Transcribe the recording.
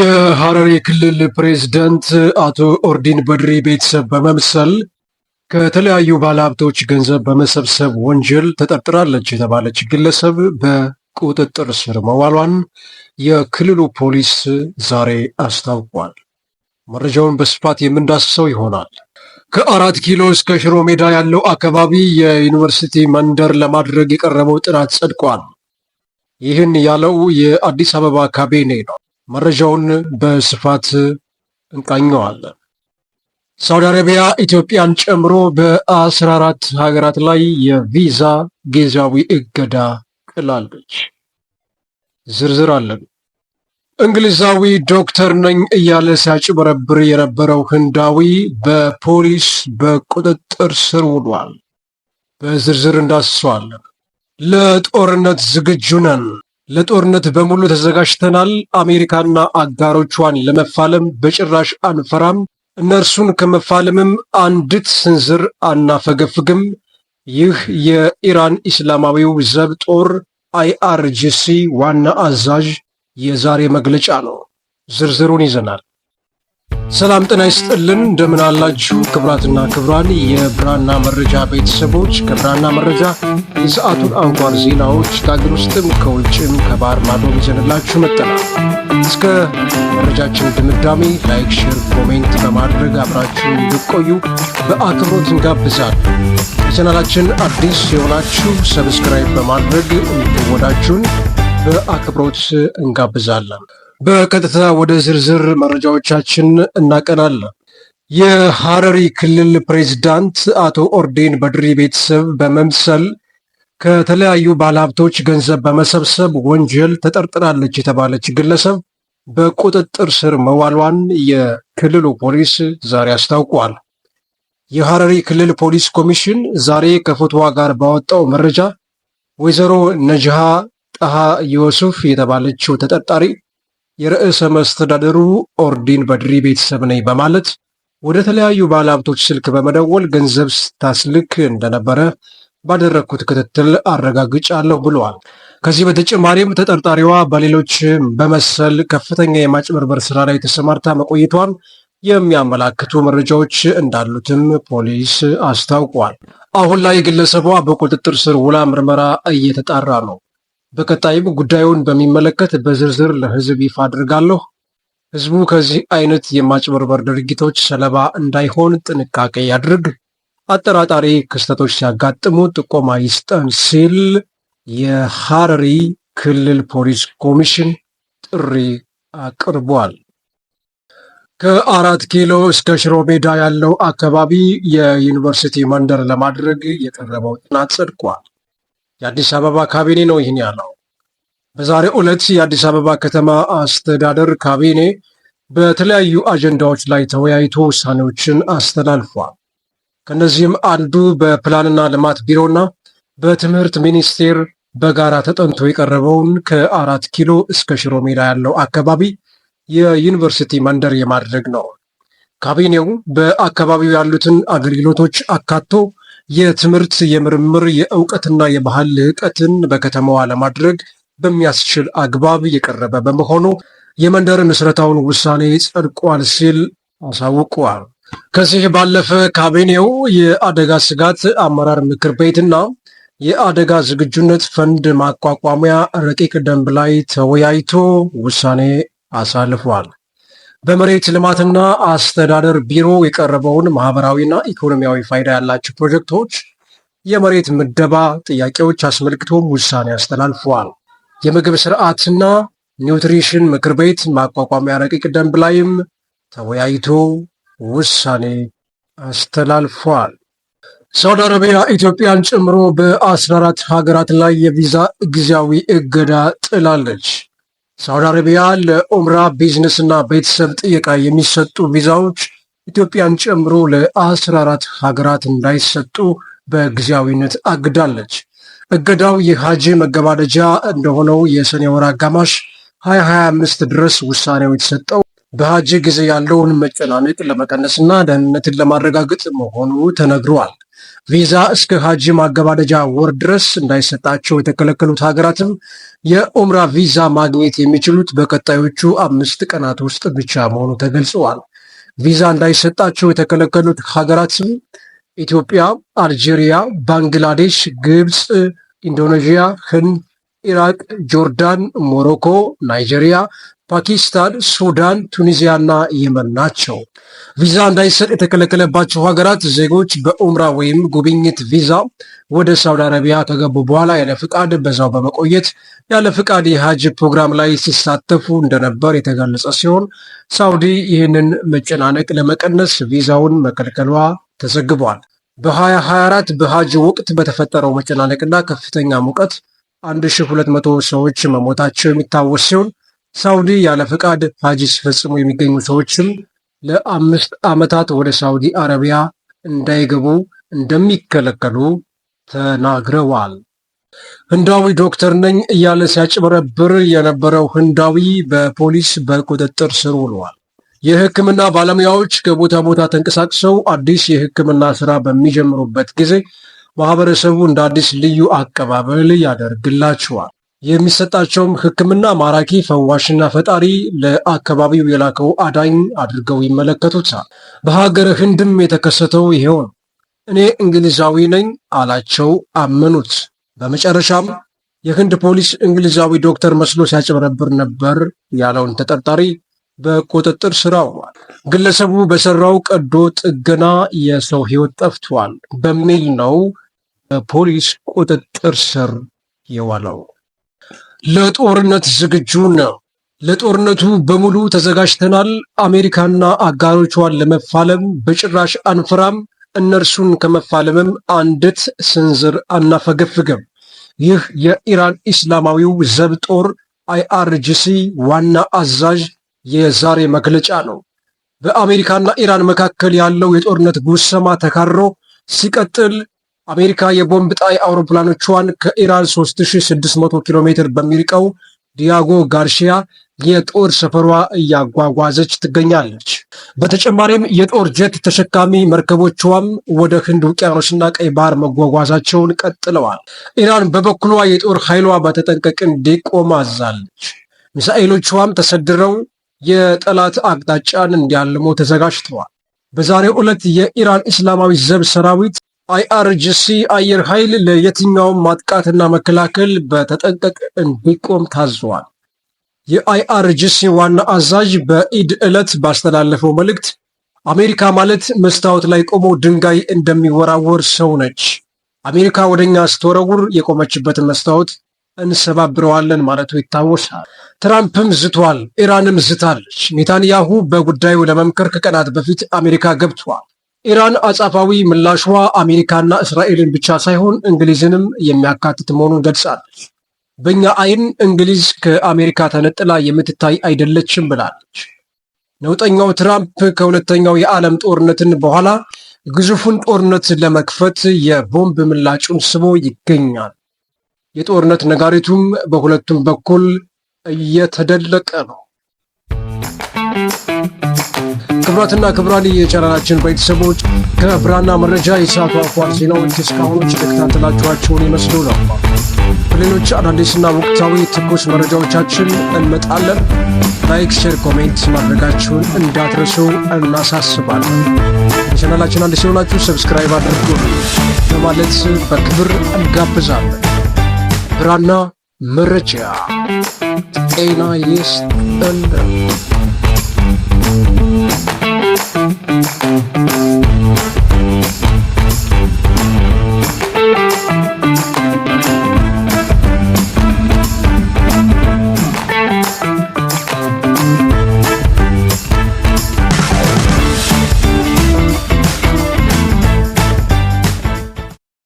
የሐረሪ ክልል ፕሬዝዳንት አቶ ኦርዲን በድሪ ቤተሰብ በመምሰል ከተለያዩ ባለሀብቶች ገንዘብ በመሰብሰብ ወንጀል ተጠርጥራለች የተባለች ግለሰብ በቁጥጥር ስር መዋሏን የክልሉ ፖሊስ ዛሬ አስታውቋል። መረጃውን በስፋት የምንዳስሰው ይሆናል። ከአራት ኪሎ እስከ ሽሮ ሜዳ ያለው አካባቢ የዩኒቨርሲቲ መንደር ለማድረግ የቀረበው ጥናት ጸድቋል። ይህን ያለው የአዲስ አበባ ካቢኔ ነው። መረጃውን በስፋት እንቃኘዋለን። ሳውዲ አረቢያ ኢትዮጵያን ጨምሮ በአስራ አራት ሀገራት ላይ የቪዛ ጊዜያዊ እገዳ ጥላለች። ዝርዝር አለን። እንግሊዛዊ ዶክተር ነኝ እያለ ሲያጭበረብር የነበረው ህንዳዊ በፖሊስ በቁጥጥር ስር ውሏል። በዝርዝር እንዳስሰዋለን። ለጦርነት ዝግጁ ነን ለጦርነት በሙሉ ተዘጋጅተናል። አሜሪካና አጋሮቿን ለመፋለም በጭራሽ አንፈራም። እነርሱን ከመፋለምም አንዲት ስንዝር አናፈገፍግም። ይህ የኢራን ኢስላማዊው ዘብ ጦር አይአርጂሲ ዋና አዛዥ የዛሬ መግለጫ ነው። ዝርዝሩን ይዘናል። ሰላም ጤና ይስጥልን። እንደምን አላችሁ ክብራትና ክብራን የብራና መረጃ ቤተሰቦች። ከብራና መረጃ የሰዓቱን አንኳር ዜናዎች ከአገር ውስጥም ከውጭም ከባህር ማዶ ይዘንላችሁ መጠናል። እስከ መረጃችን ድምዳሜ ላይክ፣ ሼር፣ ኮሜንት በማድረግ አብራችሁ እንድቆዩ በአክብሮት እንጋብዛለን። የቻናላችን አዲስ የሆናችሁ ሰብስክራይብ በማድረግ እንድወዳችሁን በአክብሮት እንጋብዛለን። በቀጥታ ወደ ዝርዝር መረጃዎቻችን እናቀናለን። የሐረሪ ክልል ፕሬዝዳንት አቶ ኦርዴን በድሪ ቤተሰብ በመምሰል ከተለያዩ ባለሀብቶች ገንዘብ በመሰብሰብ ወንጀል ተጠርጥራለች የተባለች ግለሰብ በቁጥጥር ስር መዋሏን የክልሉ ፖሊስ ዛሬ አስታውቋል። የሐረሪ ክልል ፖሊስ ኮሚሽን ዛሬ ከፎቶዋ ጋር ባወጣው መረጃ ወይዘሮ ነጅሃ ጠሃ ዮሱፍ የተባለችው ተጠርጣሪ የርዕሰ መስተዳደሩ ኦርዲን በድሪ ቤተሰብ ነኝ በማለት ወደ ተለያዩ ባለሀብቶች ስልክ በመደወል ገንዘብ ስታስልክ እንደነበረ ባደረግኩት ክትትል አረጋግጫለሁ ብለዋል። ከዚህ በተጨማሪም ተጠርጣሪዋ በሌሎች በመሰል ከፍተኛ የማጭበርበር ስራ ላይ ተሰማርታ መቆየቷን የሚያመላክቱ መረጃዎች እንዳሉትም ፖሊስ አስታውቋል። አሁን ላይ ግለሰቧ በቁጥጥር ስር ውላ ምርመራ እየተጣራ ነው። በቀጣይም ጉዳዩን በሚመለከት በዝርዝር ለህዝብ ይፋ አድርጋለሁ። ህዝቡ ከዚህ አይነት የማጭበርበር ድርጊቶች ሰለባ እንዳይሆን ጥንቃቄ ያድርግ፣ አጠራጣሪ ክስተቶች ሲያጋጥሙ ጥቆማ ይስጠን ሲል የሐረሪ ክልል ፖሊስ ኮሚሽን ጥሪ አቅርቧል። ከአራት ኪሎ እስከ ሽሮ ሜዳ ያለው አካባቢ የዩኒቨርሲቲ መንደር ለማድረግ የቀረበው ጥናት ጸድቋል። የአዲስ አበባ ካቢኔ ነው ይህን ያለው። በዛሬው ዕለት የአዲስ አበባ ከተማ አስተዳደር ካቢኔ በተለያዩ አጀንዳዎች ላይ ተወያይቶ ውሳኔዎችን አስተላልፏል። ከእነዚህም አንዱ በፕላንና ልማት ቢሮና በትምህርት ሚኒስቴር በጋራ ተጠንቶ የቀረበውን ከአራት ኪሎ እስከ ሽሮ ሜዳ ያለው አካባቢ የዩኒቨርሲቲ መንደር የማድረግ ነው። ካቢኔው በአካባቢው ያሉትን አገልግሎቶች አካቶ የትምህርት የምርምር የእውቀትና የባህል ልህቀትን በከተማዋ ለማድረግ በሚያስችል አግባብ የቀረበ በመሆኑ የመንደር ምስረታውን ውሳኔ ጸድቋል ሲል አሳውቋል። ከዚህ ባለፈ ካቢኔው የአደጋ ስጋት አመራር ምክር ቤትና የአደጋ ዝግጁነት ፈንድ ማቋቋሚያ ረቂቅ ደንብ ላይ ተወያይቶ ውሳኔ አሳልፏል። በመሬት ልማትና አስተዳደር ቢሮ የቀረበውን ማህበራዊና ኢኮኖሚያዊ ፋይዳ ያላቸው ፕሮጀክቶች የመሬት ምደባ ጥያቄዎች አስመልክቶም ውሳኔ አስተላልፈዋል። የምግብ ስርዓትና ኒውትሪሽን ምክር ቤት ማቋቋሚያ ረቂቅ ደንብ ላይም ተወያይቶ ውሳኔ አስተላልፏል። ሳውዲ አረቢያ ኢትዮጵያን ጨምሮ በ14 ሀገራት ላይ የቪዛ ጊዜያዊ እገዳ ጥላለች። ሳውዲ አረቢያ ለኡምራ ቢዝነስና ቤተሰብ ጥየቃ የሚሰጡ ቪዛዎች ኢትዮጵያን ጨምሮ ለአስራ አራት ሀገራት እንዳይሰጡ በጊዜያዊነት አግዳለች። እገዳው የሀጂ መገባደጃ እንደሆነው የሰኔ ወር አጋማሽ 2025 ድረስ ውሳኔው የተሰጠው በሀጂ ጊዜ ያለውን መጨናነቅ ለመቀነስና ደህንነትን ለማረጋገጥ መሆኑ ተነግሯል። ቪዛ እስከ ሀጂ ማገባደጃ ወር ድረስ እንዳይሰጣቸው የተከለከሉት ሀገራትም የኡምራ ቪዛ ማግኘት የሚችሉት በቀጣዮቹ አምስት ቀናት ውስጥ ብቻ መሆኑ ተገልጸዋል። ቪዛ እንዳይሰጣቸው የተከለከሉት ሀገራትም ኢትዮጵያ፣ አልጄሪያ፣ ባንግላዴሽ፣ ግብፅ፣ ኢንዶኔዥያ፣ ህንድ፣ ኢራቅ፣ ጆርዳን፣ ሞሮኮ፣ ናይጄሪያ፣ ፓኪስታን፣ ሱዳን፣ ቱኒዚያና የመን ናቸው። ቪዛ እንዳይሰጥ የተከለከለባቸው ሀገራት ዜጎች በኡምራ ወይም ጉብኝት ቪዛ ወደ ሳውዲ አረቢያ ከገቡ በኋላ ያለ ፍቃድ በዛው በመቆየት ያለ ፍቃድ የሀጅ ፕሮግራም ላይ ሲሳተፉ እንደነበር የተገለጸ ሲሆን ሳውዲ ይህንን መጨናነቅ ለመቀነስ ቪዛውን መከልከሏ ተዘግቧል። በ2024 በሀጅ ወቅት በተፈጠረው መጨናነቅና ከፍተኛ ሙቀት 1200 ሰዎች መሞታቸው የሚታወስ ሲሆን ሳውዲ ያለ ፈቃድ ሀጅ ሲፈጽሙ የሚገኙ ሰዎችም ለአምስት ዓመታት ወደ ሳውዲ አረቢያ እንዳይገቡ እንደሚከለከሉ ተናግረዋል። ህንዳዊ ዶክተር ነኝ እያለ ሲያጭበረብር የነበረው ህንዳዊ በፖሊስ በቁጥጥር ስር ውሏል። የህክምና ባለሙያዎች ከቦታ ቦታ ተንቀሳቅሰው አዲስ የህክምና ስራ በሚጀምሩበት ጊዜ ማህበረሰቡ እንደ አዲስ ልዩ አቀባበል ያደርግላቸዋል። የሚሰጣቸውም ሕክምና ማራኪ ፈዋሽና ፈጣሪ ለአካባቢው የላከው አዳኝ አድርገው ይመለከቱታል። በሀገረ ህንድም የተከሰተው ይሄው ነው። እኔ እንግሊዛዊ ነኝ አላቸው፣ አመኑት። በመጨረሻም የህንድ ፖሊስ እንግሊዛዊ ዶክተር መስሎ ሲያጭበረብር ነበር ያለውን ተጠርጣሪ በቁጥጥር ስር አውሏል። ግለሰቡ በሰራው ቀዶ ጥገና የሰው ህይወት ጠፍቷል በሚል ነው በፖሊስ ቁጥጥር ስር የዋለው። ለጦርነት ዝግጁ ነው። ለጦርነቱ በሙሉ ተዘጋጅተናል። አሜሪካና አጋሮቿን ለመፋለም በጭራሽ አንፈራም። እነርሱን ከመፋለምም አንዲት ስንዝር አናፈገፍገም። ይህ የኢራን ኢስላማዊው ዘብ ጦር አይአርጂሲ ዋና አዛዥ የዛሬ መግለጫ ነው። በአሜሪካና ኢራን መካከል ያለው የጦርነት ጉሰማ ተካሮ ሲቀጥል አሜሪካ የቦምብ ጣይ አውሮፕላኖቿን ከኢራን 3600 ኪሎ ሜትር በሚርቀው ዲያጎ ጋርሺያ የጦር ሰፈሯ እያጓጓዘች ትገኛለች። በተጨማሪም የጦር ጀት ተሸካሚ መርከቦቿም ወደ ህንድ ውቅያኖስና ቀይ ባህር መጓጓዛቸውን ቀጥለዋል። ኢራን በበኩሏ የጦር ኃይሏ በተጠንቀቅ እንዲቆም አዛለች። ሚሳኤሎቿም ተሰድረው የጠላት አቅጣጫን እንዲያልሙ ተዘጋጅተዋል። በዛሬው ዕለት የኢራን እስላማዊ ዘብ ሰራዊት አይአርጂሲ አየር ኃይል ለየትኛውም ማጥቃትና መከላከል በተጠንቀቅ እንዲቆም ታዟል። የአይአርጂሲ ዋና አዛዥ በኢድ ዕለት ባስተላለፈው መልእክት አሜሪካ ማለት መስታወት ላይ ቆሞ ድንጋይ እንደሚወራወር ሰው ነች። አሜሪካ ወደኛ ስትወረውር የቆመችበትን መስታወት እንሰባብረዋለን ማለቱ ይታወሳል። ትራምፕም ዝቷል፣ ኢራንም ዝታለች። ኔታንያሁ በጉዳዩ ለመምከር ከቀናት በፊት አሜሪካ ገብቷል። ኢራን አጻፋዊ ምላሽዋ አሜሪካና እስራኤልን ብቻ ሳይሆን እንግሊዝንም የሚያካትት መሆኑን ገልጻለች። በእኛ አይን እንግሊዝ ከአሜሪካ ተነጥላ የምትታይ አይደለችም ብላለች። ነውጠኛው ትራምፕ ከሁለተኛው የዓለም ጦርነትን በኋላ ግዙፉን ጦርነት ለመክፈት የቦምብ ምላጩን ስቦ ይገኛል። የጦርነት ነጋሪቱም በሁለቱም በኩል እየተደለቀ ነው። ክብራትና ክብራን የቻናላችን ቤተሰቦች ከብራና መረጃ የሰዓቱ አፏር ዜናዎች እስካሁኖች የተከታተላችኋቸውን ይመስሉ ነው። በሌሎች አዳዲስና ወቅታዊ ትኩስ መረጃዎቻችን እንመጣለን። ላይክ፣ ሼር፣ ኮሜንት ማድረጋችሁን እንዳትረሱ እናሳስባለን። የቻናላችን አንድ ሲሆናችሁ ሰብስክራይብ አድርጉ በማለት በክብር እንጋብዛለን። ብራና መረጃ ጤና ይስጥልን። Thank you.